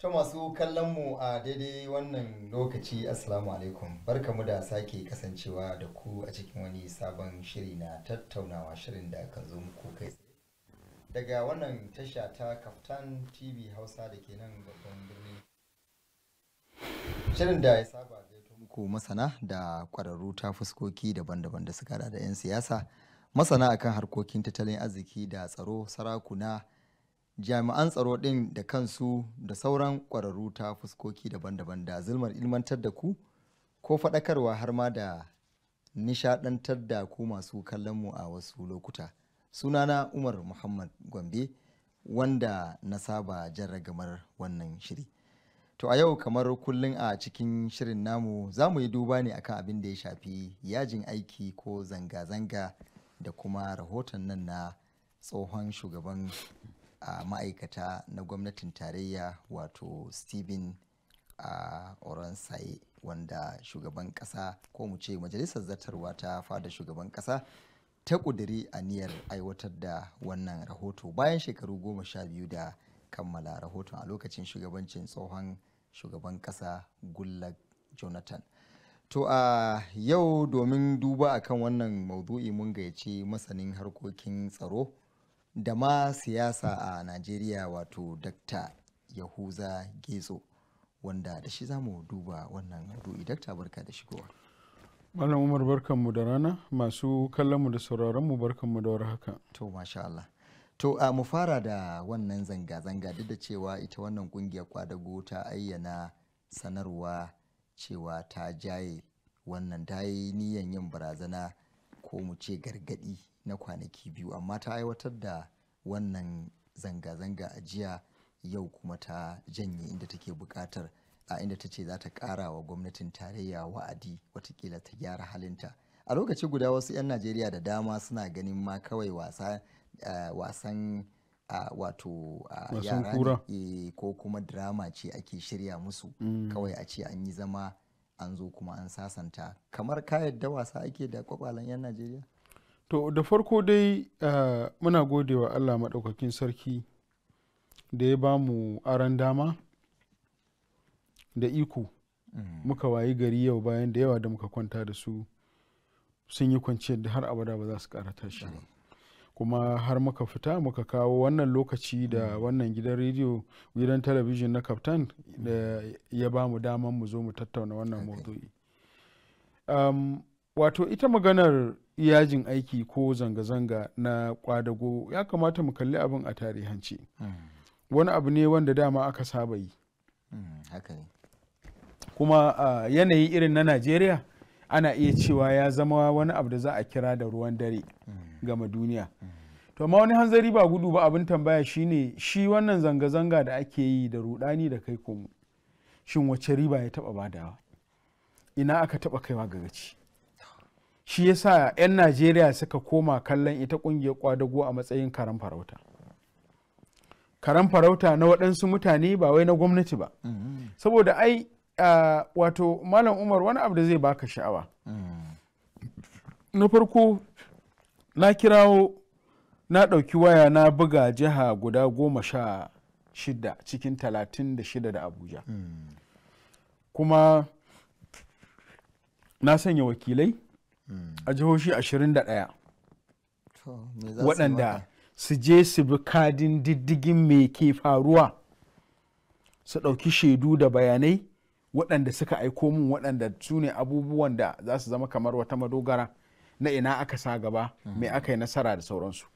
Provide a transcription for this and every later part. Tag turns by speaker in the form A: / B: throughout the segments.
A: ta masu kallon mu a daidai wannan lokaci assalamu alaikum barkamu da sake kasancewa da ku a cikin wani sabon shiri na tattaunawa shirin da kan zo muku kai daga wannan tasha ta kaftan tv hausa da ke nan babban birni shirin da ya saba zai muku masana da kwararru ta fuskoki daban-daban da suka da 'yan siyasa masana akan harkokin tattalin arziki da tsaro sarakuna jami'an tsaro ɗin da kansu da sauran ƙwararru ta fuskoki daban-daban da zulmar ilmantar da ku ko faɗakarwa har ma da nishaɗantar da ku masu kallon mu a wasu lokuta sunana umar muhammad gombe wanda na saba jan ragamar wannan shiri to a yau kamar kullum a cikin shirin namu za mu yi duba ne akan abin da ya shafi yajin aiki ko zanga-zanga da kuma rahoton nan na tsohon shugaban a ma'aikata na gwamnatin tarayya wato stephen a oronsaye wanda shugaban kasa ko mu ce majalisar zartarwa ta fada shugaban kasa ta ƙudiri aniyar aiwatar da wannan rahoto bayan shekaru goma sha biyu da kammala rahoton a lokacin shugabancin tsohon shugaban kasa Gullag jonathan to a yau domin duba akan wannan maudu'i mun gayyaci masanin harkokin tsaro da ma siyasa a najeriya wato Dr. yahuza gezo wanda da shi za mu duba wannan maudu'i Dr. barka da shigowa
B: malam umar barkanmu da rana masu kallonmu da sauraronmu barkanmu da haka. to masha Allah to a mu fara da wannan zanga-zanga
A: duk da cewa ita wannan kungiyar kwadago ta ayyana sanarwa cewa ta jaye wannan ta yi niyan yin barazana ko mu ce gargadi na kwanaki biyu amma ta aiwatar da wannan zanga-zanga a jiya yau kuma ta janye inda take buƙatar a inda ta ce za ta ƙara wa gwamnatin tarayya wa'adi watakila ta gyara halinta a lokaci guda wasu 'yan najeriya da dama suna ganin ma kawai wasan wato yara eh, ko kuma drama ce ake shirya musu mm. kawai a ce an yi zama an zo kuma an sasanta kamar ka yadda wasa ake da kwakwalen 'yan najeriya
B: To da farko dai eh, muna gode wa Allah maɗaukakin sarki da ya ba mu aran dama da iko mm. muka wayi gari yau bayan da yawa da muka kwanta da su sun yi kwanciyar da har abada ba za su ƙara tashi kuma har muka fita muka kawo wannan lokaci da mm. wannan gidan rediyo gidan talabijin na kaftan mm. da ya ba mu daman mu zo mu tattauna wannan okay. wato ita maganar yajin aiki ko zanga-zanga na kwadago ya kamata mu kalli abin a tarihance hmm. wani abu ne wanda dama aka saba yi hmm, kuma yanayi irin na najeriya ana iya cewa ya zama wani abu da za a kira da ruwan dare hmm. gama duniya to ma wani hanzari ba gudu ba abin tambaya shine shi wannan zanga-zanga da ake yi da rudani da kai komo shin wace riba ya taba badawa ina aka taba kaiwa ga gaci shi yasa 'yan najeriya suka koma kallon ita kungiyar kwadago a matsayin karen farauta Karen farauta na waɗansu mutane ba wai na gwamnati ba saboda ai wato malam umar wani abu da zai baka sha'awa na farko na kirawo na ɗauki waya na buga jiha guda goma sha shida cikin talatin da shida da abuja kuma na sanya wakilai Mm. a jihohi 21 waɗanda su je su bi kadin diddigin me ke faruwa su ɗauki shaidu da bayanai waɗanda suka aiko mun waɗanda su ne abubuwan da za su zama kamar wata madogara na ina aka sa gaba me mm-hmm. aka yi nasara da sauransu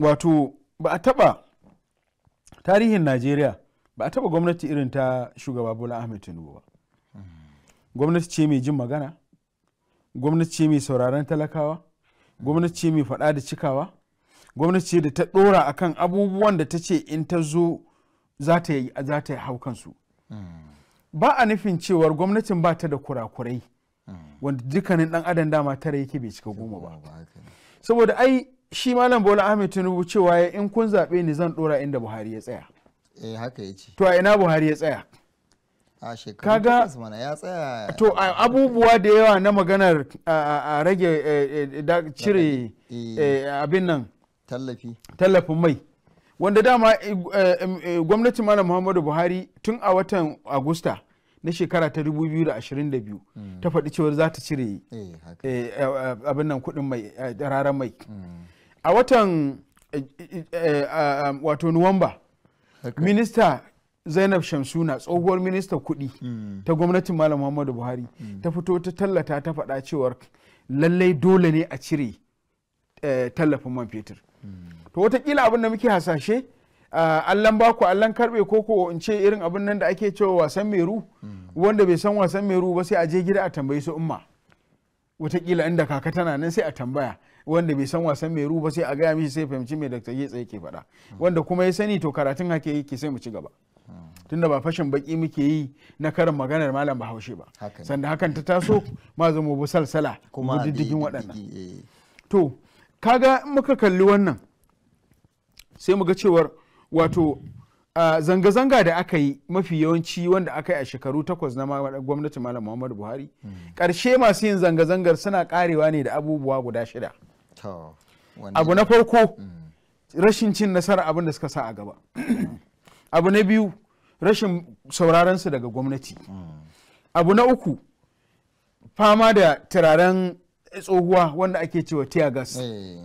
B: wato ba a taɓa tarihin najeriya ba a taɓa gwamnati irin ta shugaba bola ahmed tinubu ba mm. gwamnati ce mai jin magana gwamnati ce mai sauraron talakawa gwamnati ce mai faɗa da cikawa gwamnati ce da ta ɗora akan abubuwan da ta ce in ta zo za ta yi haukansu hmm. ba a nufin cewar gwamnatin ba ta da kurakurai hmm. wanda dukkanin ɗan adam dama tara yake bai cika goma ba saboda ai shi malam bola ahmed tinubu cewa in kun zaɓe ni zan ɗora inda buhari ya tsaya eh haka to a ina buhari ya tsaya a shekaru mana
A: ya tsaya
B: to abubuwa da yawa na maganar a rage e, e, cire e, abin nan tallafi tallafin mai wanda dama gwamnatin mana muhammadu buhari tun a watan agusta na shekara ta 2022 mm. ta faɗi cewar za ta cire eh, abin nan kuɗin mai rarar mai mm. a watan wato nuwamba minista zainab shamsuna tsohuwar ministan kuɗi hmm. ta gwamnatin malam muhammadu buhari hmm. ta fito ta tallata ta faɗa cewar lallai dole ne a cire eh, tallafin man fetur hmm. to watakila abin da muke hasashe ah, allan baku allan karbe koko in ce irin abin nan da ake cewa wasan meru wanda bai san wasan meru ba sai a je gida a tambayi su umma watakila inda kaka tana nan sai a tambaya wanda bai san wasan meru ba sai a gaya mishi sai fahimci mai dakta ke tsaye ke faɗa wanda kuma ya sani to karatun hake yake sai mu ci gaba tunda ba fashin baki muke yi na karin maganar malam bahaushe ba sanda hakan ta taso ma zama bu salsala kuma diddigin waɗannan eh. to kaga in muka kalli wannan sai muga ga cewar wato zanga-zanga da aka yi mafi yawanci wanda aka yi a shekaru takwas na gwamnatin malam muhammadu buhari Karshe mm. masu yin zanga-zangar suna karewa ne da abubuwa guda shida
A: abu na farko
B: mm. rashin cin nasarar abin da suka sa a gaba mm. abu na biyu rashin sauraron daga gwamnati abu na uku fama da turaren tsohuwa wanda ake cewa tear gas eh.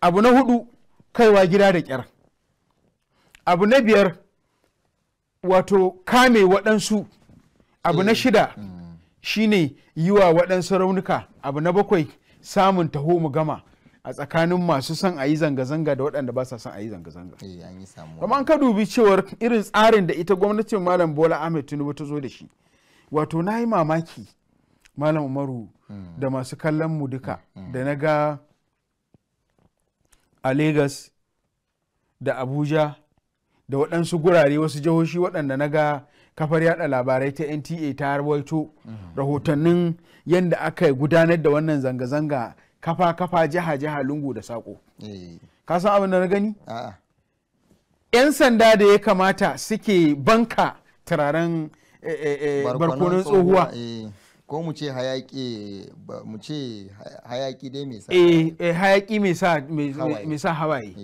B: abu na hudu kaiwa gida da kyar abu na biyar wato kame waɗansu abu na eh. shida mm. shine yiwa wa waɗansu raunuka abu na bakwai samun taho mu gama a tsakanin masu son a yi zanga-zanga da waɗanda ba sa son a yi zanga-zanga. Kuma eh, an ka dubi cewar irin tsarin da ita gwamnatin Malam Bola Ahmed Tinubu ta zo da shi. Wato na yi mamaki Malam Umaru hmm. da masu kallon mu duka hmm, hmm. da na ga a Legas da Abuja da waɗansu gurare wasu jihohi waɗanda na ga kafar yada labarai ta NTA ta rawaito rahotannin yadda aka gudanar da wannan zanga-zanga kafa kafa jiha jiha lungu da sako eh. ka san abin da na gani yan sanda da ya kamata suke banka turaren
A: eh, eh, barkonon tsohuwa ko mu ce hayaki mu ce hayaki dai mai sa
B: eh hayaki mai sa mai sa hawaye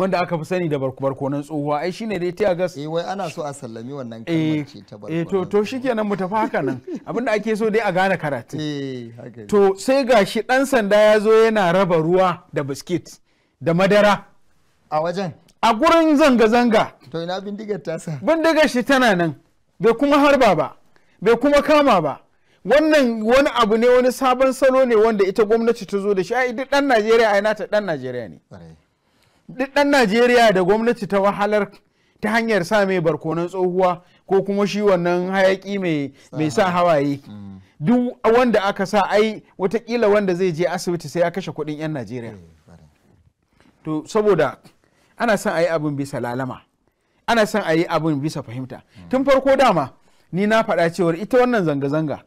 B: wanda aka fi sani da barkonan tsohuwa ai shine dai tear gas eh wai ana so a sallami wannan eh, kalmar ta barkonan eh to to shikenan mu tafi haka nan abinda ake so dai a gane karatu eh haka to sai gashi dan sanda ya zo yana raba ruwa da biskit da madara a wajen a gurin zanga-zanga
A: to ina bindigar tasa
B: bindigar shi tana nan bai kuma harba ba bai kuma kama ba wannan wani abu ne wani sabon salo ne wanda ita gwamnati ta zo da shi ai duk dan Najeriya ai nata dan Najeriya ne duk ɗan najeriya da gwamnati ta wahalar ta hanyar sa mai barkonon tsohuwa ko kuma shi wannan hayaki mai sa hawaye mm. duk wanda aka sa ai watakila wanda zai je asibiti sai ya kashe kuɗin 'yan najeriya eh, to saboda ana son a yi abin bisa lalama ana son a yi abin bisa fahimta mm. tun farko dama ni na faɗa cewar ita wannan zanga-zanga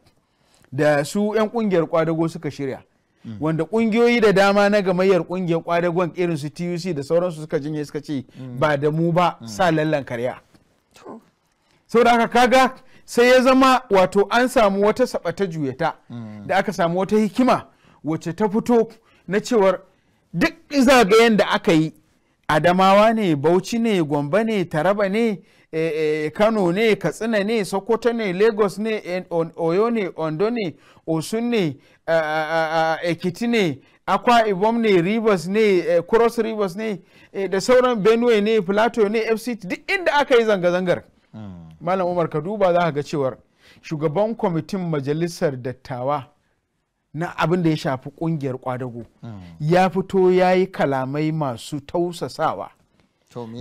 B: da su 'yan ƙungiyar kwadago suka shirya wanda kungiyoyi da dama na gamayyar kungiyar kwadagon irin su tuc da sauransu suka jinye suka ce ba da mu ba sa lallan karya saboda aka kaga sai ya zama wato an samu wata sabata juyata mm. da aka samu wata hikima wacce ta fito na cewar duk zagayen da aka yi adamawa ne bauchi ne gombe ne taraba ne Eh, eh, kano ne katsina ne sokoto ne lagos ne oyo ne ondo ne osun ne ekiti ne akwa ibom ne rivers ne eh, cross rivers ne da sauran benue ne plateau ne fct duk inda aka yi zanga-zangar hmm. malam umar ka duba za ga cewar shugaban kwamitin majalisar dattawa na abin da ya shafi kungiyar kwadago hmm. ya fito ya yi kalamai masu tausasawa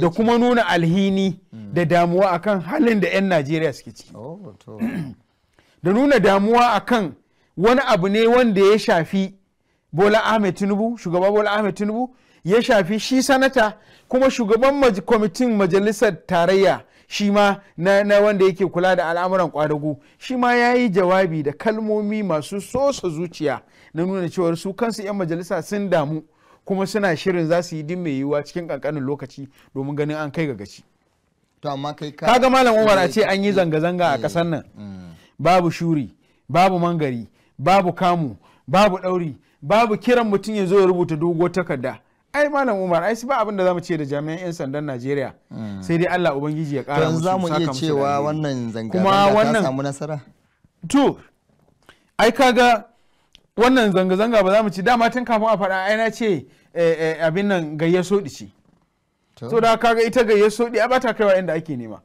B: da kuma nuna alhini da mm. damuwa akan halin da 'yan najeriya suke ciki oh, da nuna damuwa akan wani abu ne wanda ya shafi bola ahmed tinubu shugaba bola ahmed tinubu ya shafi shi sanata kuma shugaban kwamitin majalisar tarayya shi ma na wanda yake kula da al'amuran kwadago shi ma ya yi jawabi da kalmomi masu sosa zuciya na nuna cewar su kansu 'yan majalisa sun damu kuma suna shirin za su yi din mai yiwuwa cikin kankanin lokaci domin ganin an kai ga gaci
A: to amma kai ka kaga malam umar a ce eh,
B: an yi zanga-zanga a kasar eh, nan mm. babu shuri babu mangari babu kamu babu dauri, babu kiran mutum ya zo ya rubuta dogo takarda ai malam umar ai su ba abin da zamu ce da jami'an 'yan sandan najeriya mm. sai dai allah ubangiji ya kara musu zamu iya cewa
A: wannan zanga-zanga ta samu
B: nasara to ai kaga wannan zanga-zanga ba za mu ci dama tun kafin a faɗa aina ce eh, eh, abin nan gayya soɗi ce so da kaga ita gayya soɗi a bata kaiwa inda ake nema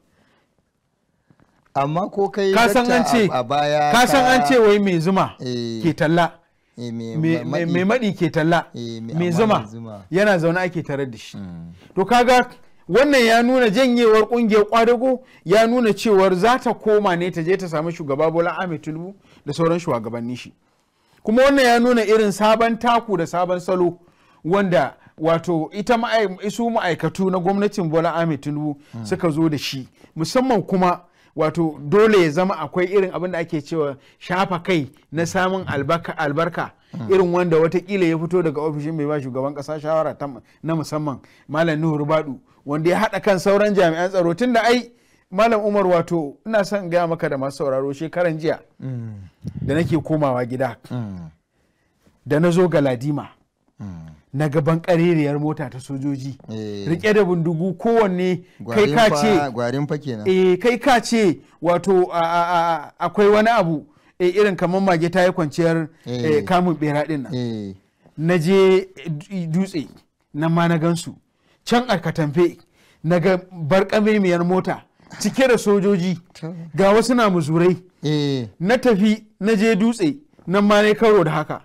B: amma ko kai ka san an ce ka san an ce wai mai zuma eh. ke talla mai maɗi ke talla mai zuma yana zaune ake tare da shi hmm. to kaga wannan ya nuna janyewar kungiyar kwadago ya nuna cewar za ta koma ne ta je ta samu shugaba bola ahmed tinubu da sauran shugabannin shi kuma wannan ya nuna irin sabon taku da sabon salo wanda wato ita isu ma'aikatu na gwamnatin bola ahmed tinubu suka zo da shi musamman kuma wato dole ya zama akwai irin abin da ake cewa shafa kai na samun albarka irin wanda watakila ya fito daga ofishin mai ba shugaban kasa shawara na musamman malam nuhu rubadu wanda ya haɗa kan sauran jami'an tsaro tun da ai malam umar wato ina son gaya maka da masu sauraro shekaran jiya da nake komawa gida da na zo ga Ladima na gaban kareriyar mota ta sojoji
A: eh. rike
B: da bindigu kowanne kai eh, ka
A: ce
B: kai ka wato akwai wani abu eh, irin kamar mage ta yi kwanciyar kamun bera din nan na je dutse na ma na gansu can a katamfe na ga barkamemiyar mota cike da sojoji ga wasu na muzurai eh. na tafi na je dutse nan ma ne karo da haka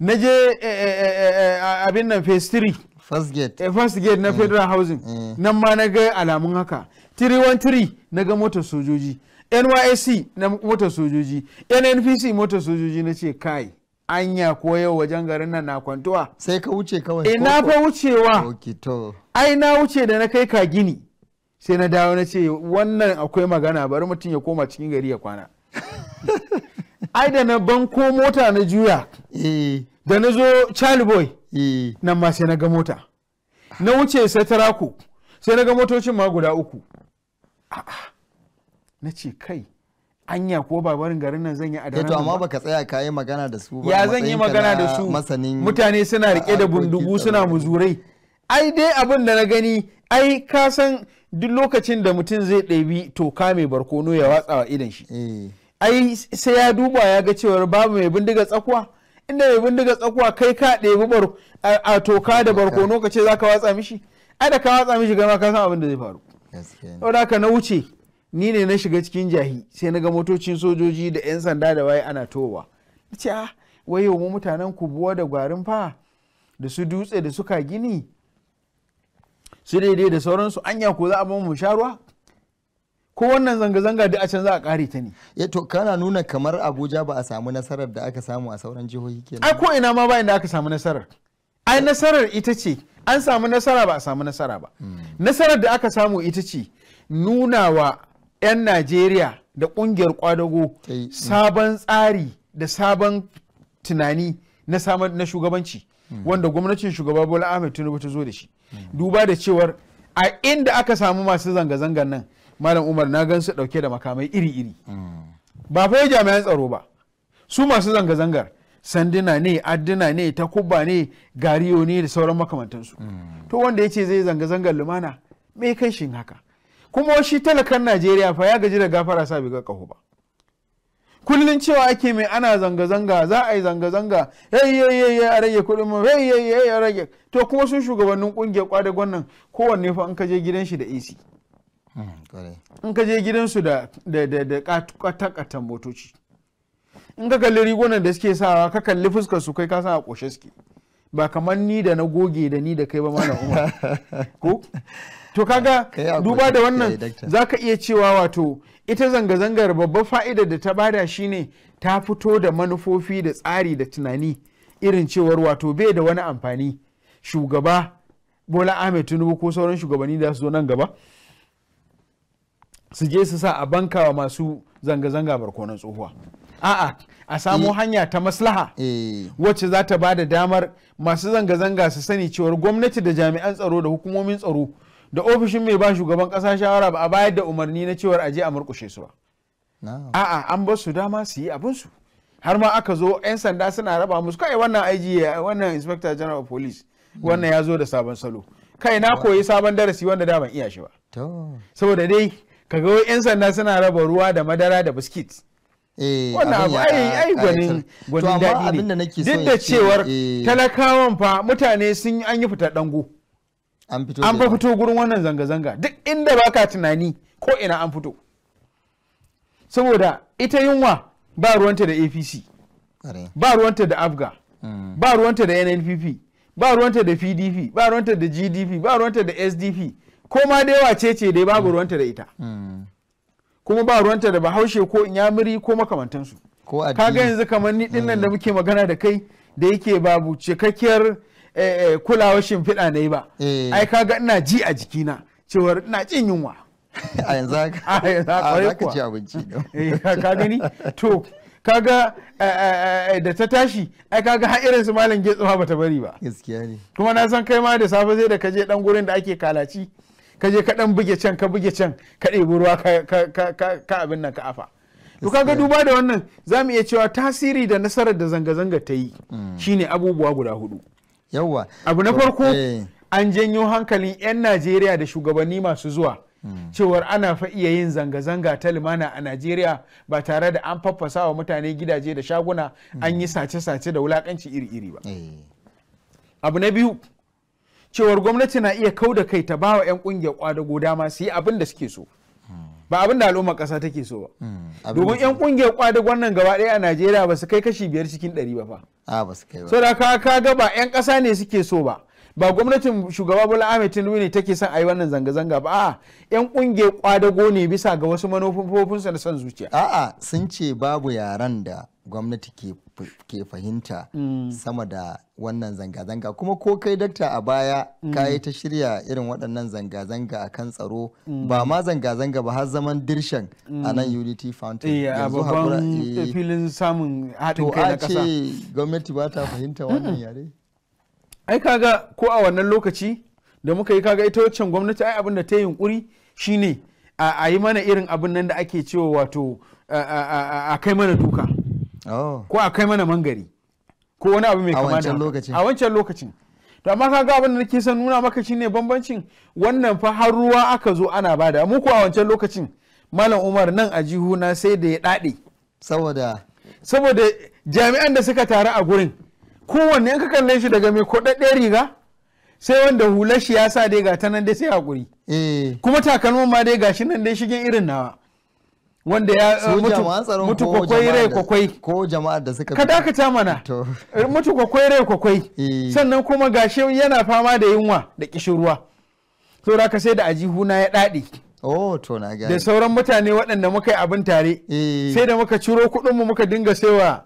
B: na je eh, eh, abin nan festiri first gate first gate na federal housing nan ma na ga alamun haka 313 na ga motar sojoji nysc na motar sojoji nnpc motar sojoji na ce kai anya ko yau wajen garin nan na kwantuwa sai ka wuce kawai ina fa wucewa ai na wuce da na kai ka gini sai na dawo na ce wannan akwai magana bari mutum ya koma cikin gari ya kwana ai da na ban ko mota na juya eh. da na zo boy. Eh. nan ma sai na ga mota na wuce sataraku sai na ga motocin ma guda uku na ce kai anya ko babarin garin nan zan yi a to amma baka tsaya ka yi magana da su ba ya zan yi magana da su mutane suna rike da bundugu suna muzurai ai dai abin da na gani ai ka san duk lokacin da mutum zai ɗabi toka mai barkono ya watsa wa idan shi eh. ai sai ya duba ya ga cewar babu mai bindiga tsakuwa inda mai bindiga tsakuwa kai ka ɗebi a toka da barkono ka ce za ka watsa mishi ai da ka watsa mishi gama ka san abin da zai faru saboda ka na wuce ni ne na shiga cikin jahi sai na ga motocin sojoji da 'yan sanda da waye ana towa ce ah wai yau mu mutanen kubuwa da gwarin fa da su dutse da suka gini su daidai da sauransu anya ko za a mu sharuwa ko wannan zanga-zanga da a can za a kare ta ne ya to kana
A: nuna kamar abuja ba a samu nasarar da aka samu a sauran jihohi kenan
B: ai ko ina ma ba inda aka samu nasarar ai nasarar ita ce an samu nasara ba a samu nasara ba hmm. nasarar da aka samu ita ce nuna wa 'yan najeriya da kungiyar kwadago hmm. sabon tsari da sabon tunani na shugabanci hmm. wanda gwamnatin shugaba bola ahmed tinubu ta zo da shi duba da cewar a inda aka samu masu zanga-zangan nan malam umar na gan su dauke da makamai iri-iri ba fa jami'an tsaro ba su masu zanga-zangar sanduna ne adduna ne takubba ne gariyo ne da sauran makamantansu to wanda ya ce zai zanga-zangar lumana me kai shin haka kuma shi talakan najeriya fa ya gaji da gafara sa bi ga ƙaho ba kullun cewa ake mai ana zanga-zanga za a yi zanga-zanga yayi a rage kuɗin mu yayi a rage to kuma sun shugabannin kungiyar kwada nan kowanne fa in ka je gidan shi da AC
A: hmm,
B: in ka je gidan su da katakatan motoci in ka kalli rigunan da suke sawa ka kalli fuskar su kai ka sa a koshe suke ba kamar ni da na goge da ni da kai ba malam umar ko to kaga duba da wannan za ka iya cewa wato ita zanga-zangar babbar fa'ida da ta bada shine ta fito da manufofi da tsari da tunani irin cewar wato bai da wani amfani shugaba bola ahmed tinubu ko sauran shugabanni da su zo nan gaba su je su sa a banka wa masu zanga-zanga barkonan tsohuwa a'a a samo hanya ta maslaha eh. wacce za ta ba da damar masu zanga-zanga su sani cewar gwamnati da jami'an tsaro da hukumomin tsaro da ofishin mai ba shugaban kasa shawara ba a bayar da umarni na cewar aje a murkushe su ba a'a an ba su dama su yi su. har ma aka zo 'yan sanda suna raba musu kai wannan IG wannan inspector general of police hmm. wannan ya zo da sabon salo kai na koyi sabon darasi wanda da ban iya shi ba saboda dai kaga 'yan sanda suna raba ruwa da madara da biscuits. Eh, wannan abu duk da cewar eh, talakawan fa mutane sun an yi fitar dango an fa fito gurin wannan zanga-zanga duk inda baka tunani ko ina an fito saboda ita yunwa ba ruwanta da apc ba ruwanta da afga mm. ba ruwanta da nnpp ba ruwanta da pdp ba ruwanta da gdp ba ruwanta da sdp ko ma da yawa ce ce dai babu mm. ruwanta da ita mm. kuma ba ruwanta da bahaushe ko inyamiri ko makamantansu kaga yanzu kamar ni dinnan da eh. muke magana da kai da yake babu cikakkiyar eh, eh, kulawar shimfiɗa na yi ba ai kaga ina ji a jikina cewar ina jin yunwa a yanzu haka ci
A: abinci ka gani
B: to kaga da ta tashi ai kaga har irin su malam getsuwa bata bari ba kuma na san kai ma da safe sai da je dan gurin da ake kalaci ka je kaɗan buge can ka buge can ka ɗebi ruwa ka abin nan ka afa to kaga duba da wannan za mu iya cewa tasiri da nasarar da zanga-zanga ta yi mm. shine abubuwa guda hudu yawwa abu na farko eh. an janyo hankalin 'yan najeriya da shugabanni masu zuwa mm. cewar ana fa iya yin zanga-zanga ta limana a najeriya ba tare da an faffasa wa mutane gidaje da shaguna mm. an yi sace-sace da wulakanci iri-iri ba eh. abu na biyu cewar gwamnati na iya kau da kai ta bawa 'yan kungiyar kwadago dama su yi abin da suke so ba abin da al'ummar ƙasa take so ba hmm, domin 'yan kungiyar kwadagon nan gaba ɗaya a najeriya ba su kai kashi biyar cikin ɗari ba fa so da ka ga ba 'yan kasa ne suke so ba ba gwamnatin shugaba bola ahmed tinubu ne take son a yi wannan zanga-zanga ba a'a yan kungiyar kwadago ne bisa ga wasu manufofinsa na son zuciya a'a sun ce babu
A: yaran da gwamnati ke fahimta mm. sama da wannan zanga-zanga kuma ko kai dakta a baya mm. ka yi ta shirya irin waɗannan zanga-zanga a kan tsaro mm. ba ma zanga-zanga ba har zaman dirshan a nan unity fountain eh, yanzu haƙura eh, eh,
B: filin samun haɗin kai na ƙasa to a ce gwamnati ba ta fahimta wannan yare ai kaga ko a wannan lokaci da muka yi kaga ita waccan gwamnati ai abin da ta yi yunkuri shine a yi mana irin abin nan da ake cewa wato a kai mana duka Oh. ko a kai mana mangari ko wani abu mai kama da a wancan lokacin to amma kaga abin da nake son nuna maka shine bambancin wannan fa har ruwa aka zo ana bada mu ko a wancan lokacin malam umar nan a na sai da ya dade saboda saboda jami'an da suka taru a gurin kowanne in ka kalle shi daga mai kodadden riga sai wanda hular shi ya sa dai ga ta nan dai sai hakuri eh. kuma takalmin ma dai gashi nan dai shigen irin nawa wanda ya mutu kwakwai rai kwakwai ko jama'ar da suka ka dakata mana eh, mutu kwakwai rai kwakwai eh. sannan kuma gashi yana fama da yunwa da kishirwa to da ka sai da ajihu na ya dadi
A: Oh, to na ga Da
B: sauran mutane waɗanda muka yi abin tare. Eh. Sai da muka ciro kuɗin mu muka dinga saiwa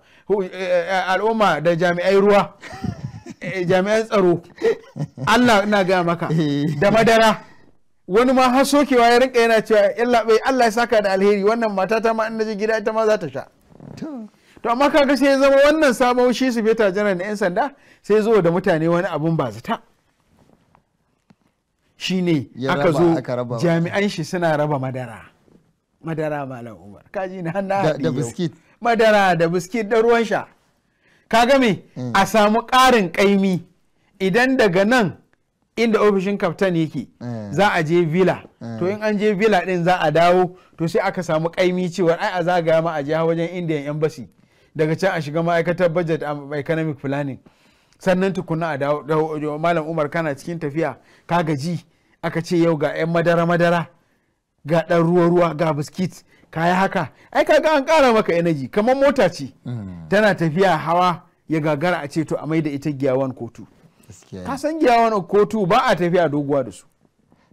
B: al'umma da jami'ai ruwa. Jami'an tsaro. Allah na gaya maka. Da madara. wani ma har sokewa ya rinka yana cewa yan bai Allah ya saka da alheri wannan mata ta ma in naje gida ita ma za ta sha to amma kaga sai ya zama wannan sabon shi su feta janar da yan sanda sai zo da mutane wani abun ba zata shine aka zo jami'an shi suna raba madara madara malam umar kaji na hannu da biskit madara da biskit da ruwan sha kaga me mm. a samu ƙarin ƙaimi idan daga nan inda ofishin kaftan yake eh. za a je villa eh. to in an je villa din za a dawo to sai aka samu kaimi cewa ai a zagaya ma a je wajen indian embassy daga can a shiga ma'aikatar budget a economic planning sannan tukuna a dawo malam umar kana cikin tafiya ka gaji aka ce yau ga 'yan madara madara ga ɗan ruwa ruwa ga biskit kaya haka ai kaga an kara maka energy kamar mota ce hmm. tana tafiya hawa ya gagara a ce to a maida ita giyawan kotu ka san giya wani kotu ba a tafiya doguwa da su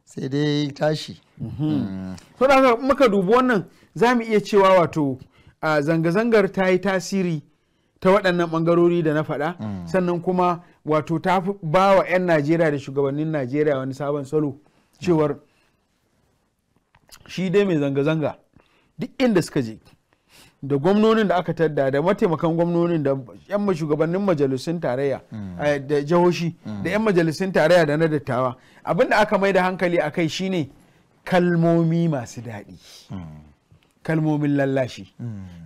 B: sai dai tashi mhm. so da haka muka dubi wannan za mu iya cewa wato zanga-zangar ta yi tasiri ta waɗannan ɓangarori da na faɗa mm. sannan kuma wato ta fi ba wa 'yan najeriya da shugabannin najeriya wani sabon salo cewar shi dai mai zanga-zanga duk inda suka je da gwamnonin da aka tadda da mataimakan gwamnonin da yan shugabannin majalisun tarayya mm. eh, da jihohi mm. da yan majalisun tarayya da na dattawa abin da aka mai da hankali a kai shine kalmomi masu daɗi mm. kalmomin lallashi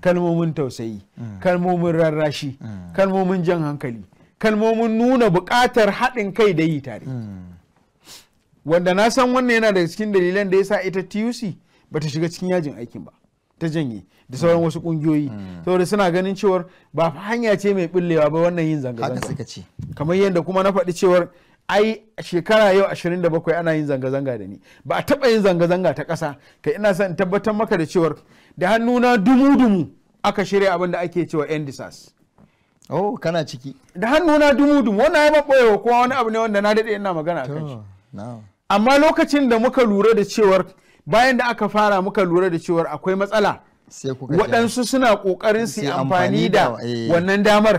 B: kalmomin tausayi kalmomin rarrashi kalmomin jan hankali kalmomin nuna buƙatar haɗin kai da yi tare wanda na san wannan yana da cikin dalilan da ya sa ita tuc bata shiga cikin yajin aikin ba ta janye da sauran mm. wasu kungiyoyi mm. saboda suna ganin cewar ba hanya ce mai billewa ba wannan yin zanga-zanga kamar yadda kuma na faɗi cewar ai shekara yau 27 ana yin zanga-zanga da ni ba a taɓa yin zanga-zanga ta ƙasa ka ina son tabbatar maka da cewar da hannuna dumu-dumu aka shirya abin da ake cewa yan disas oh kana ciki da hannuna dumu-dumu wannan ya maɓoyewa kowa wani abu ne wanda na daɗe ina magana a kan shi amma lokacin da muka lura da cewar bayan da aka fara muka lura da cewar akwai matsala waɗansu suna ƙoƙarin su yi amfani da eh, wannan damar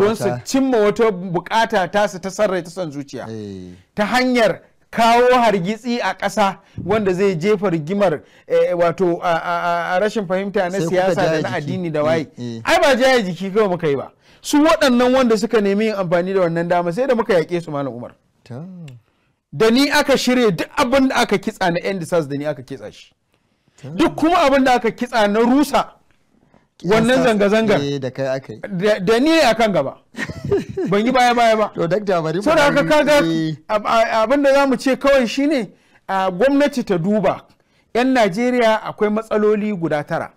B: don su cimma wata bukata ta su ta sarrai ta son zuciya eh. ta hanyar kawo hargitsi a ƙasa wanda zai jefa rigimar eh, wato a rashin fahimta na siyasa da na addini da waye ai ba jaya jiki kawai muka yi ba su waɗannan wanda suka nemi yin amfani da wannan dama sai da muka yaƙe su malam umar da ni aka shirya duk abin da aka kitsa na yan disas da ni aka kitsa shi duk kuma abin da aka kitsa na rusa wannan zanga-zangar eh, da ni a kan gaba ban yi baya-baya ba to dakta bari haka kaga eh. abin da zamu ce kawai shine gwamnati ta duba yan Najeriya akwai matsaloli guda tara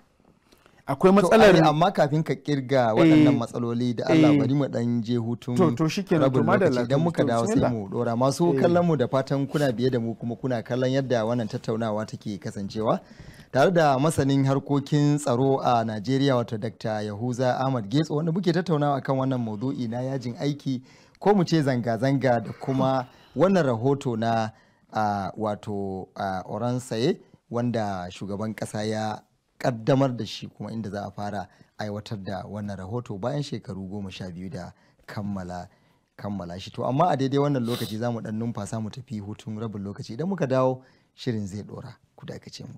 B: akwai matsalar amma
A: kafin ka kirga eh. waɗannan matsaloli da Allah eh. bari mu dan je hutun to to shikenan to madalla idan muka dawo sai mu dora masu eh. kallon mu da fatan kuna biye da mu kuma kuna kallon yadda wannan tattaunawa take kasancewa tare da masanin harkokin tsaro a Najeriya wato Dr. Yahuza Ahmad Getso wanda muke tattaunawa akan wannan maudu'i na yajin aiki ko mu ce zanga-zanga da kuma wannan rahoto na wato oran Oransaye wanda shugaban kasa ya kaddamar da shi kuma inda za a fara aiwatar da wannan rahoto bayan shekaru goma sha biyu da kammala kammala shi to amma a daidai wannan lokaci za mu dan numfasa mu tafi hutun rabin lokaci idan muka dawo shirin zai dora ku dakace mu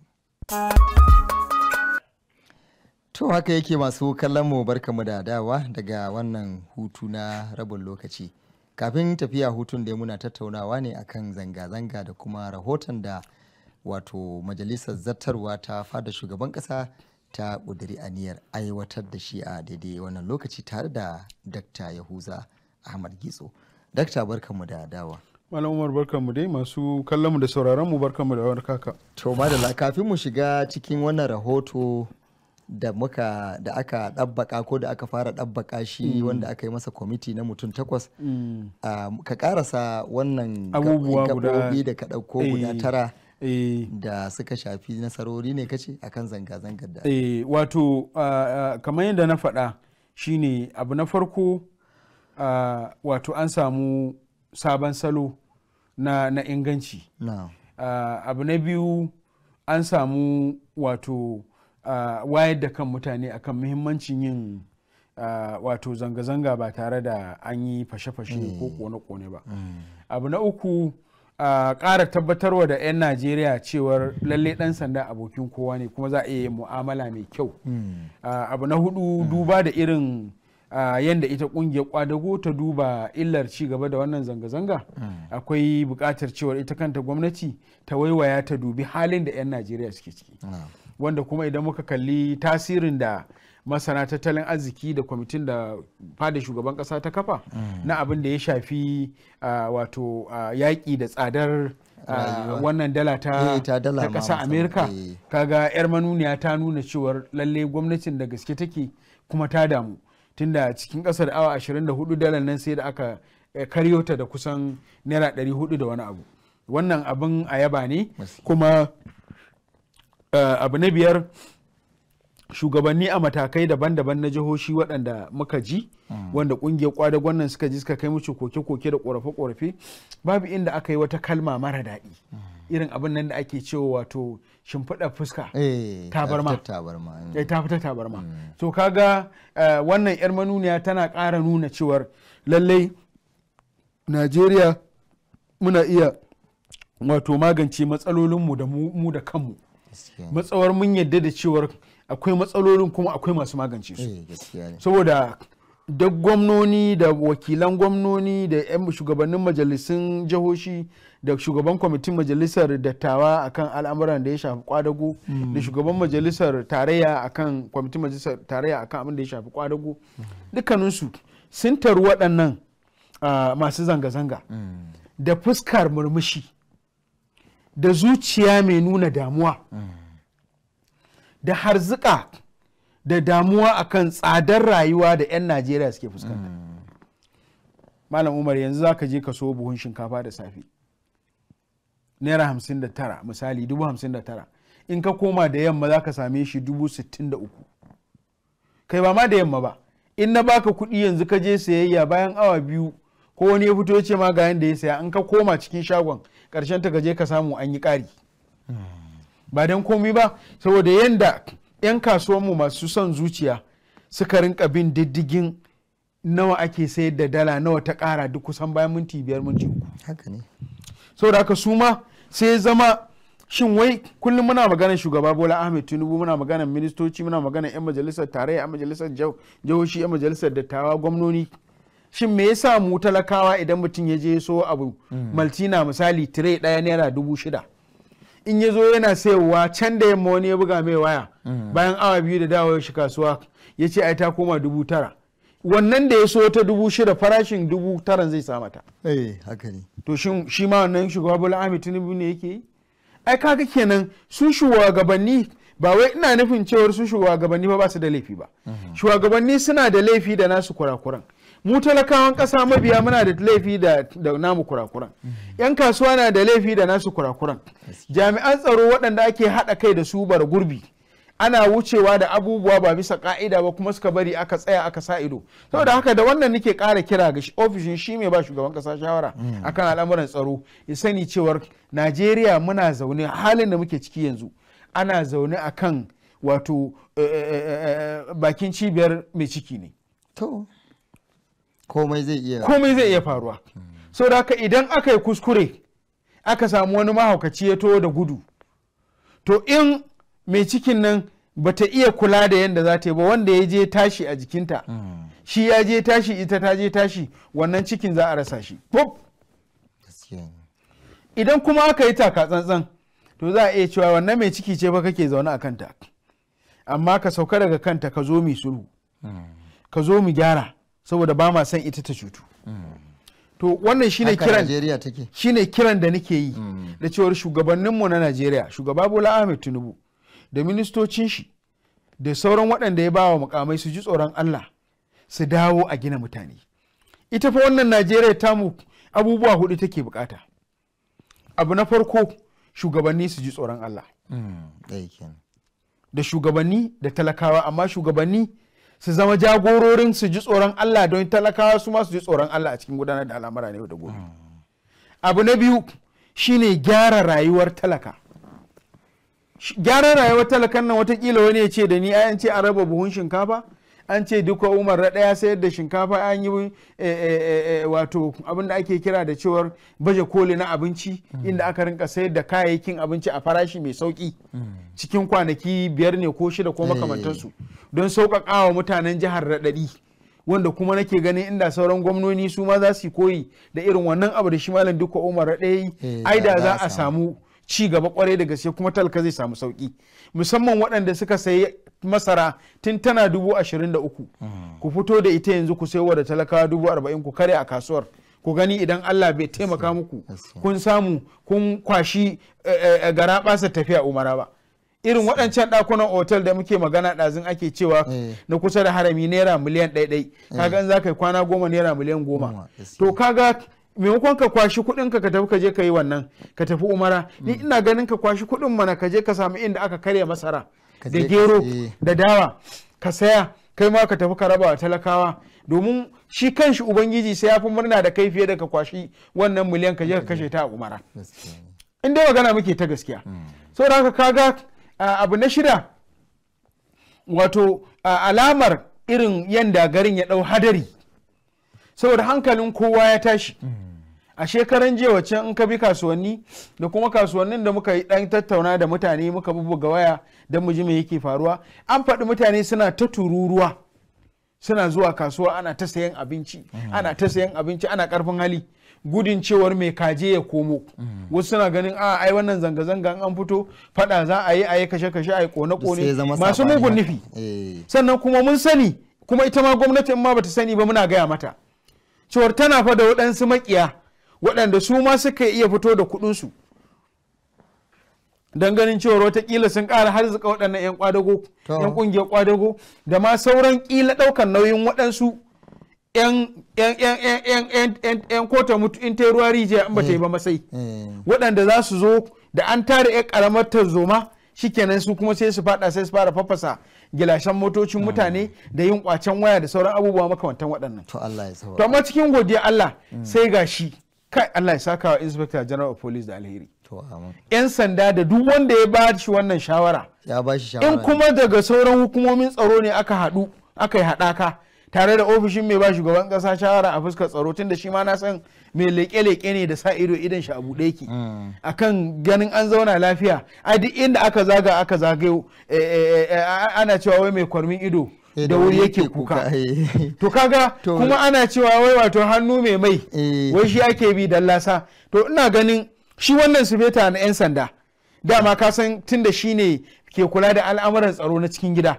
A: to haka yake masu kallon mu mu da dawa daga wannan hutu na rabin lokaci kafin tafiya hutun da muna tattaunawa ne akan zanga-zanga da kuma rahoton da wato majalisar zartarwa ta fada shugaban kasa ta kudiri aniyar aiwatar da shi a daidai wannan lokaci tare da dakta yahuza ahmad gizo dakta barkanmu da dawa
B: malam umar barkanmu dai masu kallonmu da sauraronmu barkanmu da warkaka to madalla kafin mu shiga cikin wannan rahoto da muka da aka
A: ɗabbaka ko da aka fara ɗabbaka shi mm. wanda aka yi masa kwamiti na mutum takwas mm. uh,
B: ka karasa
A: wannan abubuwa da ka ɗauko guda eh. tara Eh. da suka shafi nasarori ne kace akan zanga-zangar da
B: eh wato kamar yadda na faɗa shine abu na farko wato an samu sabon salo na, na inganci no. abu na biyu an samu wato wayar da kan mutane akan muhimmancin yin Uh, wato zanga-zanga ba tare da an yi fashe-fashe mm. ko kone-kone ba mm. abu na uku a ƙara tabbatarwa da 'yan najeriya cewar lalle ɗan sanda abokin kowa ne kuma za a iya mu'amala mai kyau hmm. abu na hudu hmm. duba da irin yadda ita ƙungiyar kwadago ta duba illar ci gaba da wannan zanga-zanga hmm. akwai buƙatar cewar ita kanta gwamnati ta waiwaya ta dubi halin da 'yan najeriya suke ciki wanda kuma idan muka kalli tasirin da masana tattalin arziki da kwamitin da fada shugaban kasa ta kafa mm. na abin da ya shafi wato yaƙi da tsadar wannan dala ta eh, ƙasa amerika eh. kaga yar manuniya ta nuna cewar lalle gwamnatin da gaske take kuma ta damu tunda cikin ƙasar awa 24 dalar nan sai da aka eh, karyo ta da kusan naira 400 da wani abu wannan abin a yaba ne kuma abu na biyar shugabanni a matakai daban-daban na jihohi waɗanda muka ji hmm. wanda ƙungiyar kwada gwannan suka ji suka kai mu koke-koke da ƙorafe-ƙorafe babu inda aka yi wata kalma mara daɗi hmm. irin abin nan da ake cewa wato shimfiɗa fuska eh, tabarma ta fita tabarma eh. Eh, hmm. to kaga wannan yar manuniya tana ƙara nuna cewar lallai najeriya muna iya wato magance matsalolinmu da mu da kanmu matsawar mun yadda da cewar akwai matsalolin kuma akwai masu magance su eh, saboda da gwamnoni da wakilan gwamnoni da 'yan shugabannin majalisun jihohi da shugaban kwamitin majalisar dattawa akan al'amuran da ya shafi kwadago da mm. shugaban majalisar tarayya akan kwamitin majalisar tarayya akan abin da ya shafi kwadago mm. dukkaninsu sun taru waɗannan masu zanga-zanga mm. da fuskar murmushi da zuciya mai nuna damuwa. da harzuka da damuwa akan tsadar rayuwa da 'yan najeriya suke fuskanta malam umar yanzu za ka je ka so buhun shinkafa da safe naira hamsin da tara misali dubu hamsin da tara in ka koma da yamma za ka same shi dubu sittin da uku kai ba ma da yamma ba in na baka kuɗi yanzu ka je sayayya bayan awa biyu ko wani ya fito ce ma ga yanda ya saya in ka koma cikin shagon ƙarshen ta ka je ka samu an yi ƙari ba don komi ba saboda yadda 'yan kasuwanmu masu son zuciya suka rinka bin diddigin nawa ake sayar da dala nawa ta kara duk kusan bayan minti biyar minti uku haka ne saboda haka su ma sai zama shin wai kullum muna magana shugaba bola ahmed tinubu muna magana ministoci muna magana yan majalisar tarayya yan majalisar jihohi yan majalisar dattawa gwamnoni shin me yasa mu talakawa idan mutum ya je so abu mm. maltina misali tire daya naira dubu shida in ya zo yana sayarwa can da yamma wani ya buga mai waya mm. bayan awa biyu da dawo shi kasuwa ya ce ai ta koma dubu tara wannan da ya so ta dubu shida farashin dubu tara zai sa mata eh haka ne to shi ma wannan shugaba bola ahmed tinubu ne yake yi ai kaga kenan su shugabanni ba wai ina nufin cewar su shugabanni ba ba su da laifi ba mm-hmm. shugabanni suna da laifi da nasu kurakuran mu talakawan ƙasa mabiya muna da laifi da namu kurakuran yan kasuwa na da laifi da nasu kurakuran jami'an tsaro waɗanda ake haɗa kai da su bar gurbi ana wucewa da abubuwa ba bisa ka'ida ba kuma suka bari aka tsaya aka sa ido saboda haka da wannan nake ƙara kira ga ofishin shi mai ba shugaban ƙasa shawara hmm. akan al'amuran tsaro ya sani cewar najeriya muna zaune halin da muke ciki yanzu ana zaune akan wato eh, eh, eh, bakin cibiyar mai ciki ne komai zai iya komai zai iya faruwa hmm. so da haka idan aka yi kuskure aka samu wani mahaukaci ya da gudu to in mai cikin nan bata iya kula da yadda za ta yi ba wanda ya je tashi a jikinta hmm. shi ya je tashi ita ta je tashi wannan cikin za a rasa shi idan kuma aka yi taka tsantsan to za a iya cewa wannan mai ciki ce ba kake zaune a kanta amma ka sauka daga kanta ka zo mu sulhu hmm. ka zo mu gyara saboda ba ma san ita ta cutu to wannan shine kiran shine kiran da nake yi mm. da cewar mu na Najeriya shugaba Bola Ahmed Tinubu da ministocin shi da sauran waɗanda ya bawa mukamai su ji tsoron Allah su dawo a gina mutane ita fa wannan Najeriya mu. abubuwa hudu take bukata abu na farko shugabanni su ji tsoron Allah mm. da shugabanni da talakawa amma shugabanni su zama jagororin su ji tsoron Allah don talakawa su masu ji tsoron Allah a cikin gudanar da al'amura ne da gobe abu na biyu shine gyara rayuwar talaka Gyaran rayuwar talakan nan watakila wani ya ce da ni an ce an raba buhun shinkafa an ce duka umar ɗaya sayar da shinkafa an yi eh, eh, eh, wato abin da ake kira da cewar baje koli na abinci hmm. inda aka rinka sayar da kayayyakin abinci a farashi mai sauki hmm. cikin kwanaki biyar ne ko shida ko makamantansu don sauƙaƙawa mutanen jihar raɗaɗi wanda kuma nake ganin inda sauran gwamnoni su ma za su koyi da irin wannan abu da shi malam duka umar raɗaɗi eh, ai da za a samu ci gaba kwarai da gaske kuma talaka zai samu sauƙi musamman waɗanda suka sayi masara tun tana dubu ashirin da uku hmm. ku fito da ita yanzu ku sayo da talakawa dubu arba'in ku kare a kasuwar ku gani idan Allah bai taimaka muku kun samu kun kwashi eh, eh, gara basa tafiya umara ba irin waɗancan ɗakunan otal da muke magana ɗazin ake cewa eh. na kusa da harami naira miliyan ɗaiɗai eh. kaga in za ka yi kwana goma naira miliyan goma to kaga maimakon ka kwashi kuɗin ka tafi ka je ka yi wannan ka tafi umara ni hmm. ina ganin ka kwashi kuɗin mana ka je ka samu inda aka karya masara da gero eh. da dawa ka saya kai ma ka tafi ka raba wa talakawa domin shi kanshi ubangiji sai ya fi murna da kai fiye da ka kwashi wannan miliyan ka je ka kashe ta a umara in dai magana muke ta gaskiya hmm. saboda haka kaga abu na shida wato alamar irin yanda garin ya ɗau hadari saboda hankalin kowa ya tashi hmm. a shekaran jiya wacce in ka bi kasuwanni da kuma kasuwannin da muka yi dan tattauna da mutane muka bubbuga waya don mu ji me yake faruwa an faɗi mutane suna ta tururuwa suna zuwa kasuwa ana ta sayan abinci hmm. ana ta sayan abinci ana karfin hali gudun cewar mai kaje ya komo mm. wasu suna ganin a ah, ai wannan zanga-zanga an fito fada za a yi a yi kashe-kashe a yi kone-kone masu mugun nufi eh. sannan kuma mun sani kuma ita ma gwamnatin ma bata sani ba muna gaya mata cewar tana fa da waɗansu makiya waɗanda su ma suka iya fito da kuɗinsu don ganin cewar watakila sun ƙara harzika waɗannan 'yan kwadago 'yan ƙungiyar kwadago da ma sauran ƙila ɗaukar nauyin waɗansu 'yan kota mutu in ta ruwa rijiya in ba ta yi ba masai eh, eh. waɗanda za su zo da an tare 'yan karamar tarzoma shikenan su kuma sai su fada sai su fara fafasa gilashen motocin hmm. mutane da yin kwacen waya da sauran abubuwa makamantan waɗannan to amma cikin godiya Allah hmm. sai gashi kai Allah ya saka wa inspector general of police da alheri to amin yan sanda da duk wanda ya ba shi wannan shawara ya ba shawara in kuma daga sauran hukumomin tsaro ne aka haɗu aka yi haɗaka tare da ofishin mai ba shugaban kasa shawara a fuskar tsaro tun da shi ma na san mai leƙe-leƙe ne da sa ido idan shi a buɗe yake mm. akan ganin an zauna lafiya a duk inda aka zaga aka zagayo eh, eh, eh, ana cewa wai mai kwarmin ido da wuri yake kuka to kaga kuma ana cewa wai wato hannu mai mai wai shi ake bi lasa to ina ganin shi wannan sufeta na 'yan sanda dama ka san tun da shi ne ke kula da al'amuran tsaro na cikin gida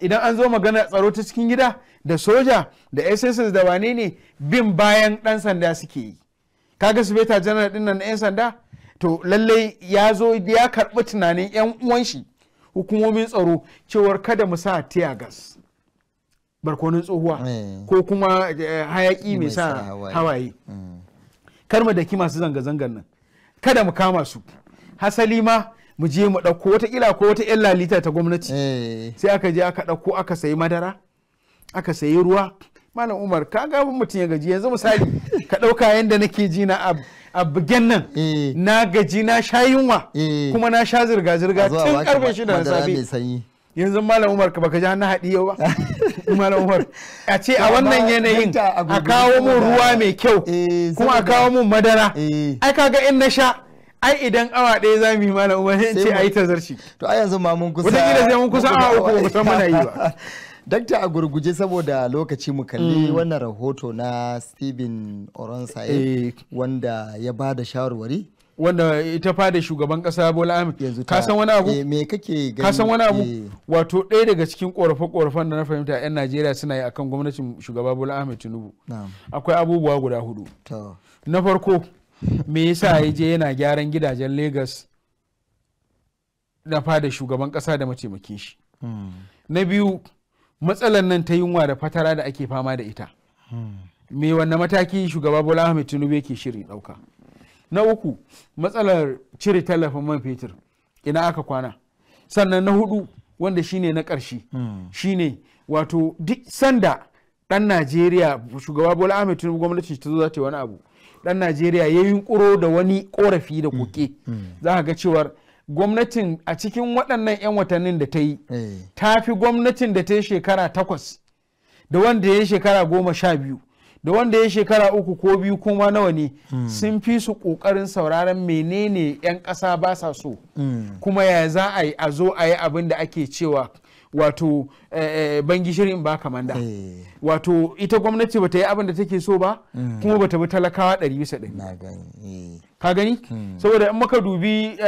B: idan an zo magana tsaro ta cikin gida da soja da sss da wane ne bin bayan dan sanda suke yi kaga su beta janar din nan yan sanda to lallai ya zo ya karɓi tunanin yan uwan shi hukumomin tsaro cewar kada mu sa tear gas barkonin tsohuwa eh. ko kuma eh, hayaki mai sa hawaye mm. kar mu daki masu zanga-zangar nan kada mu kama su hasali ma mu je mu ɗauko wata ƙila ko wata yan lalita ta gwamnati eh. sai aka je aka ɗauko aka sayi madara aka sayi ruwa malam umar ka ga mutum ya gaji yanzu misali ka ɗauka yadda nake ji na a bugen nan eh. na gaji na sha yunwa eh. kuma na sha zirga-zirga tun karfe shida na safe yanzu malam umar ka baka ji na haɗi yau ba malam umar a ce a wannan yanayin a kawo mun ruwa mai kyau kuma a kawo mun madara ai ga in na sha ai idan awa ɗaya za mu yi malam umar sai ce ayi
A: tazarci to ai yanzu ma mun kusa wata kila sai mun kusa awa uku ba san mana yi ba
B: dakta a
A: gurguje saboda lokaci mu kalli hmm. wannan rahoto na Stephen Oronsa. Eh.
B: wanda ya ba da shawarwari wanda ita fada shugaban kasa Bola Ahmed yanzu ka san wani abu eh, me kake gani ka san wani abu eh. wato ɗaya daga cikin korafe korafen da na fahimta yan Najeriya suna yi akan gwamnatin shugaba Bola Ahmed Tinubu akwai abubuwa guda hudu na farko me yasa ya je yana gyaran gidajen Legas na fada shugaban kasa da mataimakin shi na biyu matsalar nan ta yunwa da fatara da ake fama da ita me wanne mataki shugaba bola ahmed tinubu yake shiri dauka na uku matsalar cire tallafin man fetur ina aka kwana sannan na hudu wanda shine na ƙarshe shine wato duk sanda ɗan najeriya shugaba bola ahmed tinubu gwamnati ta zo za ta yi wani abu dan najeriya ya yunkuro da wani korafi da mm, koke mm. za ka ga cewar gwamnatin a cikin waɗannan 'yan watannin da ta yi eh. ta fi gwamnatin da ta yi shekara takwas da wanda ya yi shekara goma sha biyu da wanda ya yi shekara uku ko biyu kuma nawa ne mm. sun fi su ƙoƙarin sauraron menene 'yan ƙasa ba sa so kuma ya za a yi a zo a yi abin da ake cewa wato eh, eh ban gishirin ba kamanda eh. wato ita gwamnati bata yi abin da take so ba mm. kuma bata bi talakawa ɗari bisa eh. ka gani mm. saboda in muka dubi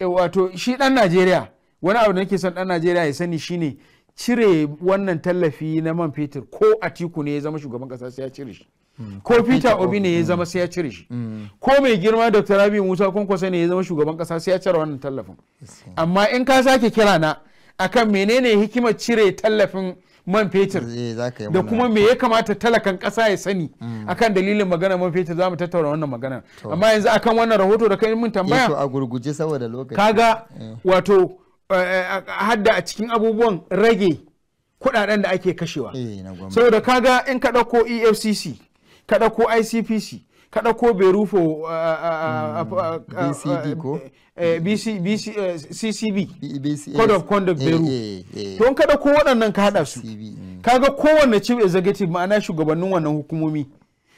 B: wato shi dan najeriya wani abu da nake son dan najeriya ya sani shine cire wannan tallafi na man fetur ko atiku ne ya zama shugaban kasa sai ya cire shi mm. ko peter obi ne ya zama sai ya cire shi ko mai girma dr rabi musa kwankwasa ne ya zama shugaban kasa sai ya cire wannan tallafin amma in ka sake kira na akan menene hikimar cire tallafin man fetur eh, da kuma me ya kamata talakan kasa ya sani mm. akan dalilin magana man fetur za mu tattauna wannan magana amma yanzu akan wannan rahoto da kai mun eh, tambaya
A: a gurguje saboda lokaci kaga
B: eh. wato hadda a cikin abubuwan rage kudaden da ake kashewa saboda kaga in ka dauko EFCC ka dauko ICPC ka ɗauko berufo uh, uh, uh, hmm, bcd ko ccb eh, eh, eh, code of conduct beru to in kada ko waɗannan ka haɗa su hmm. kaga kowanne chief executive ma'ana shugabannin wannan hukumomi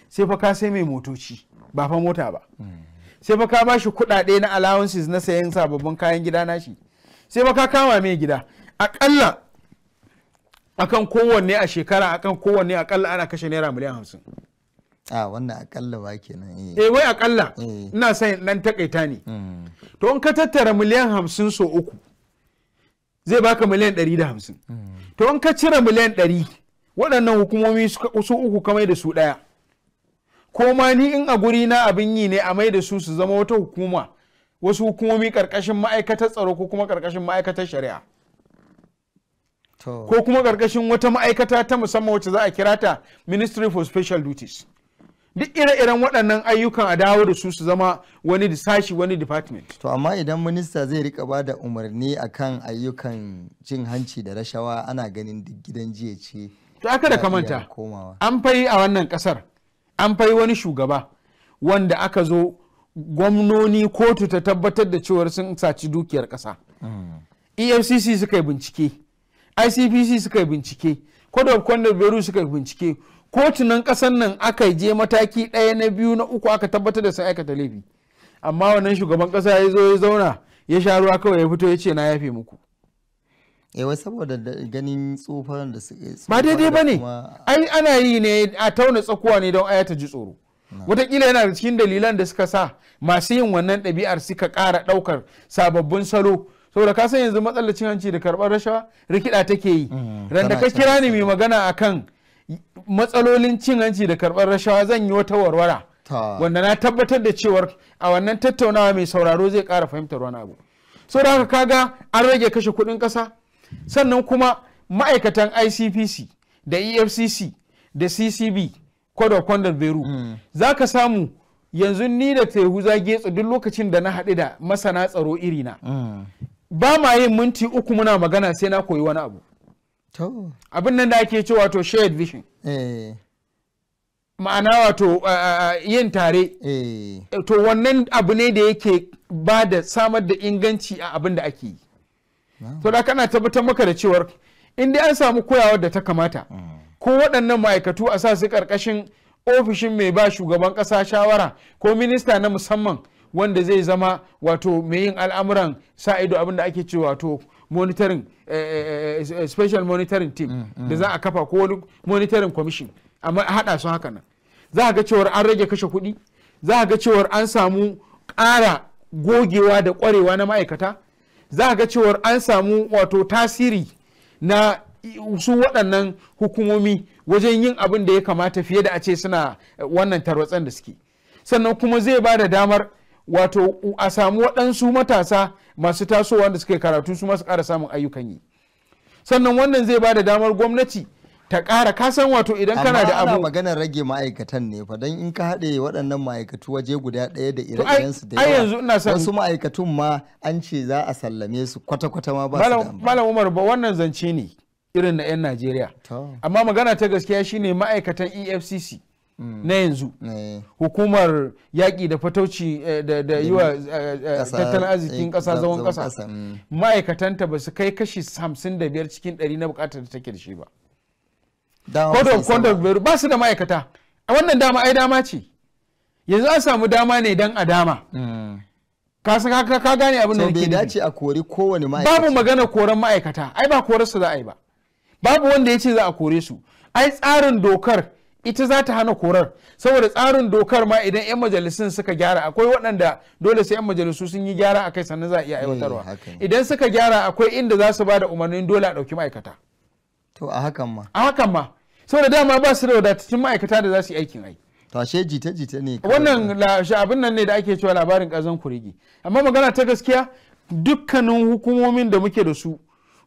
B: sai fa ka sai mai motoci ba fa mota ba hmm. sai fa ka ba shi kuɗaɗe na allowances na sayan sababbin kayan gida nashi sai fa ka kama mai gida aƙalla akan kowanne a shekara akan kowanne akalla ana kashe naira miliyan hamsin a wannan akalla ba kenan eh. eh wai akalla eh. ina sai nan takaita ne hmm. to in ka tattara miliyan hamsin so uku zai baka miliyan ɗari da hamsin hmm. to in ka cire miliyan ɗari waɗannan hukumomi su uku mai da su ɗaya ko ma ni in a guri na abin yi ne a mai da su su zama wata hukuma wasu hukumomi karkashin ma'aikatar tsaro ko kuma karkashin ma'aikatar shari'a ko kuma karkashin wata ma'aikata ta musamman wacce za a kira ta ministry for special duties duk ire-iren waɗannan ayyukan a dawo da su su zama wani sashi wani department to amma idan minista zai rika ba
A: da umarni kan ayyukan cin hanci da rashawa ana ganin duk gidan jiya ce to aka da kamanta
B: an fai a wannan kasar an fai wani shugaba wanda aka zo gwamnoni kotu ta tabbatar da cewar sun saci dukiyar ƙasa hmm. efcc suka yi bincike icpc suka yi bincike code of conduct bureau suka yi bincike kotunan kasan nan aka je mataki ɗaya na biyu na uku aka tabbatar da sun aikata laifi amma wannan shugaban kasa ya zo ya zauna ya sha ruwa kawai ya fito ya ce na yafe muku eh, wai saboda ganin tsofan da suke ba daidai ba ne ai ana yi ne a tauna tsakuwa ne don aya ta ji tsoro watakila yana da cikin dalilan da suka sa masu yin wannan ɗabi'ar suka ƙara ɗaukar sababbin salo saboda ka san yanzu matsalar hanci da karɓar rashawa rikida take yi mm, randa ka kira ni mai magana akan matsalolin cin hanci da karɓar rashawa zan yi wata warwara wanda na tabbatar da cewar a wannan tattaunawa mai sauraro zai ƙara fahimtar wani abu so da haka kaga an rage kashe kuɗin ƙasa sannan kuma ma'aikatan icpc da efcc da ccb code kwandar beru hmm. za ka samu yanzu ni da tehu zage duk lokacin da na haɗu da masana tsaro irina hmm. ba ma yin minti uku muna magana sai na koyi wani abu abin nan da ake ce wato shared vision eh. ma'ana wato eh, eh, yin tare to wannan abu ne da yake ba da samar da inganci a abin da ake yi to da kana tabbatar maka da cewar in dai an samu koyawar da ta kamata mm. ko waɗannan ma'aikatu a sa su ƙarƙashin ofishin mai ba shugaban ƙasa shawara ko minista na musamman wanda zai zama wato mai yin al'amuran sa ido abin da ake ce wato monitoring eh, eh, eh, special monitoring team mm, mm. da za a kafa ko wani monitoring commission amma hada su haka nan za a ga cewar an rage kashe kuɗi za a ga cewar an samu ƙara gogewa da ƙwarewa na ma'aikata za a ga cewar an samu wato tasiri na su waɗannan hukumomi wajen yin abin da ya kamata fiye da a ce suna wannan tarwatsan da suke sannan kuma zai ba da damar wato a samu waɗansu matasa masu tasowa da suke karatu su masu ƙara samun ayyukan yi sannan wannan zai ba da damar gwamnati ta ƙara kasan wato idan kana da abu amma
A: maganar rage ma'aikatan ne fa don in ka haɗe waɗannan ma'aikatu
B: waje guda ɗaya da ire irensu da yawa wasu
A: ma'aikatun ma an ce za a sallame su kwata-kwata ma ba su da
B: malam umar ba wannan zance ne irin na 'yan najeriya amma magana ta gaskiya shine ma'aikatan efcc Mm. na yanzu hukumar yaƙi da fatauci eh, da yi wa eh, eh, tattalin arzikin ƙasa zaman ƙasa mm. ma'aikatanta ba su kai kashi 55 cikin 100 na bukatar da take da shi ba code of conduct ba su da ma'aikata a wannan dama ai dama ce yanzu an samu dama ne dan a dama mm. ka ka gane abin da nake dace a kori kowane ma'aikata babu magana koran ma'aikata ai ba korar su za a yi ba babu wanda ya ce za a kore su ai tsarin dokar ita za ta hana korar saboda tsarin dokar ma idan 'yan majalisun suka gyara akwai waɗanda dole sai 'yan majalisu sun yi gyara a kai sannan za a iya aiwatarwa eh, idan suka gyara akwai inda za su ba da umarnin dole a ɗauki ma'aikata
A: to a hakan ma
B: a hakan ma saboda dama ba su da wadatattun ma'aikata da za su yi aikin ai to ashe jita jita ne wannan abin nan ne da ake cewa labarin ƙazan kurigi amma magana ta gaskiya dukkanin hukumomin da muke da su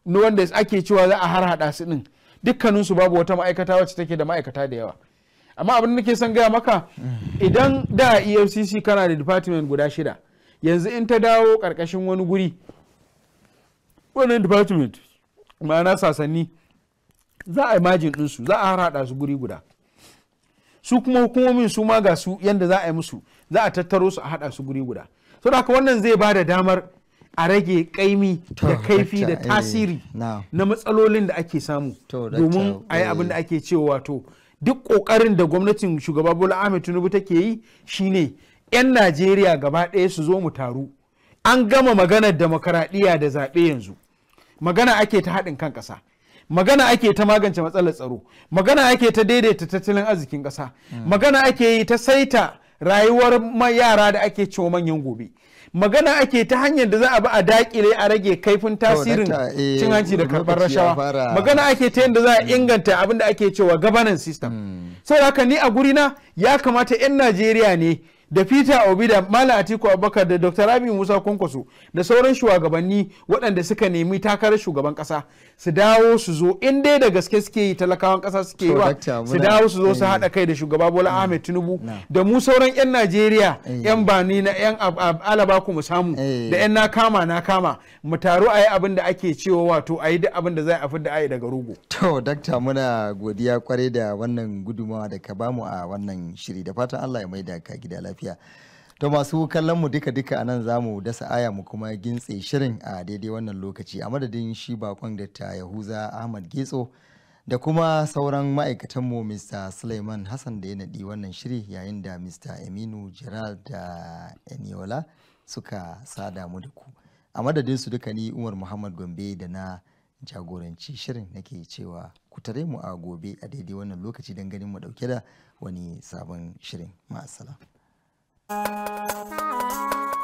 B: wanda ake cewa za a harhaɗa su ɗin dukkaninsu babu wata ma'aikata wacce take da ma'aikata da yawa amma abin da nake son gaya maka idan da efcc kana da department guda shida yanzu in ta dawo karkashin wani guri wannan department ma'ana sasanni za a imajin dinsu za a harhaɗa su guri guda su kuma hukumomin su ma ga su yadda za a yi musu za a tattaro su a haɗa su guri guda so haka wannan zai ba da damar a rage kaimi da kaifi da tasiri eh, na matsalolin da ake samu domin a yi abin da eh. ake cewa wato duk kokarin da gwamnatin shugaba bola ahmed tinubu take yi shine 'yan najeriya gaba ɗaya su zo mu taru an gama maganar demokaradiyya da zaɓe yanzu magana ake ta haɗin kan ƙasa magana ake ta magance matsalar tsaro magana ake ta daidaita tattalin arzikin ƙasa mm. magana ake yi ta saita rayuwar yara da ake cewa manyan gobe magana ake ta hanyar da za a bi a dakile a rage kaifin tasirin eh, cin hanci da karbar rashawa magana ake ta yadda za a mm. inganta abin da ake cewa governance system mm. saboda haka ni a guri na ya kamata 'yan najeriya ne da peter obi da malam atiku abubakar da dr rabi musa kwankwaso da sauran shugabanni waɗanda suka nemi takarar shugaban ƙasa su dawo su zo in dai da gaske suke yi talakawan kasa suke yi su dawo su zo su eh. haɗa kai da shugaba bola mm. ahmed tinubu da mu sauran yan najeriya yan eh. bani na yan alaba ku mu samu eh. da yan na kama na kama mu taro a yi abin da ake cewa wato a yi duk abin da za a fi da ayi daga rugu to dakta muna
A: godiya kwarai da wannan gudumawa da ka bamu a wannan shiri da fatan allah ya maida ka gida lafiya To masu kallon mu duka duka a nan zamu dasa aya mu kuma gintse shirin a daidai wannan lokaci a madadin shi bakon da ta Yahuza Ahmad Getso da kuma sauran ma'aikatan mu Mr. Suleiman Hassan da ya nadi wannan shiri yayin da Mr. Aminu Jiral da Eniola suka sada mu da ku. A madadin su duka ni Umar Muhammad Gombe da na jagoranci shirin nake cewa ku tare mu a gobe a daidai wannan lokaci don ganin mu dauke da wani sabon shirin ma'asala.
B: Música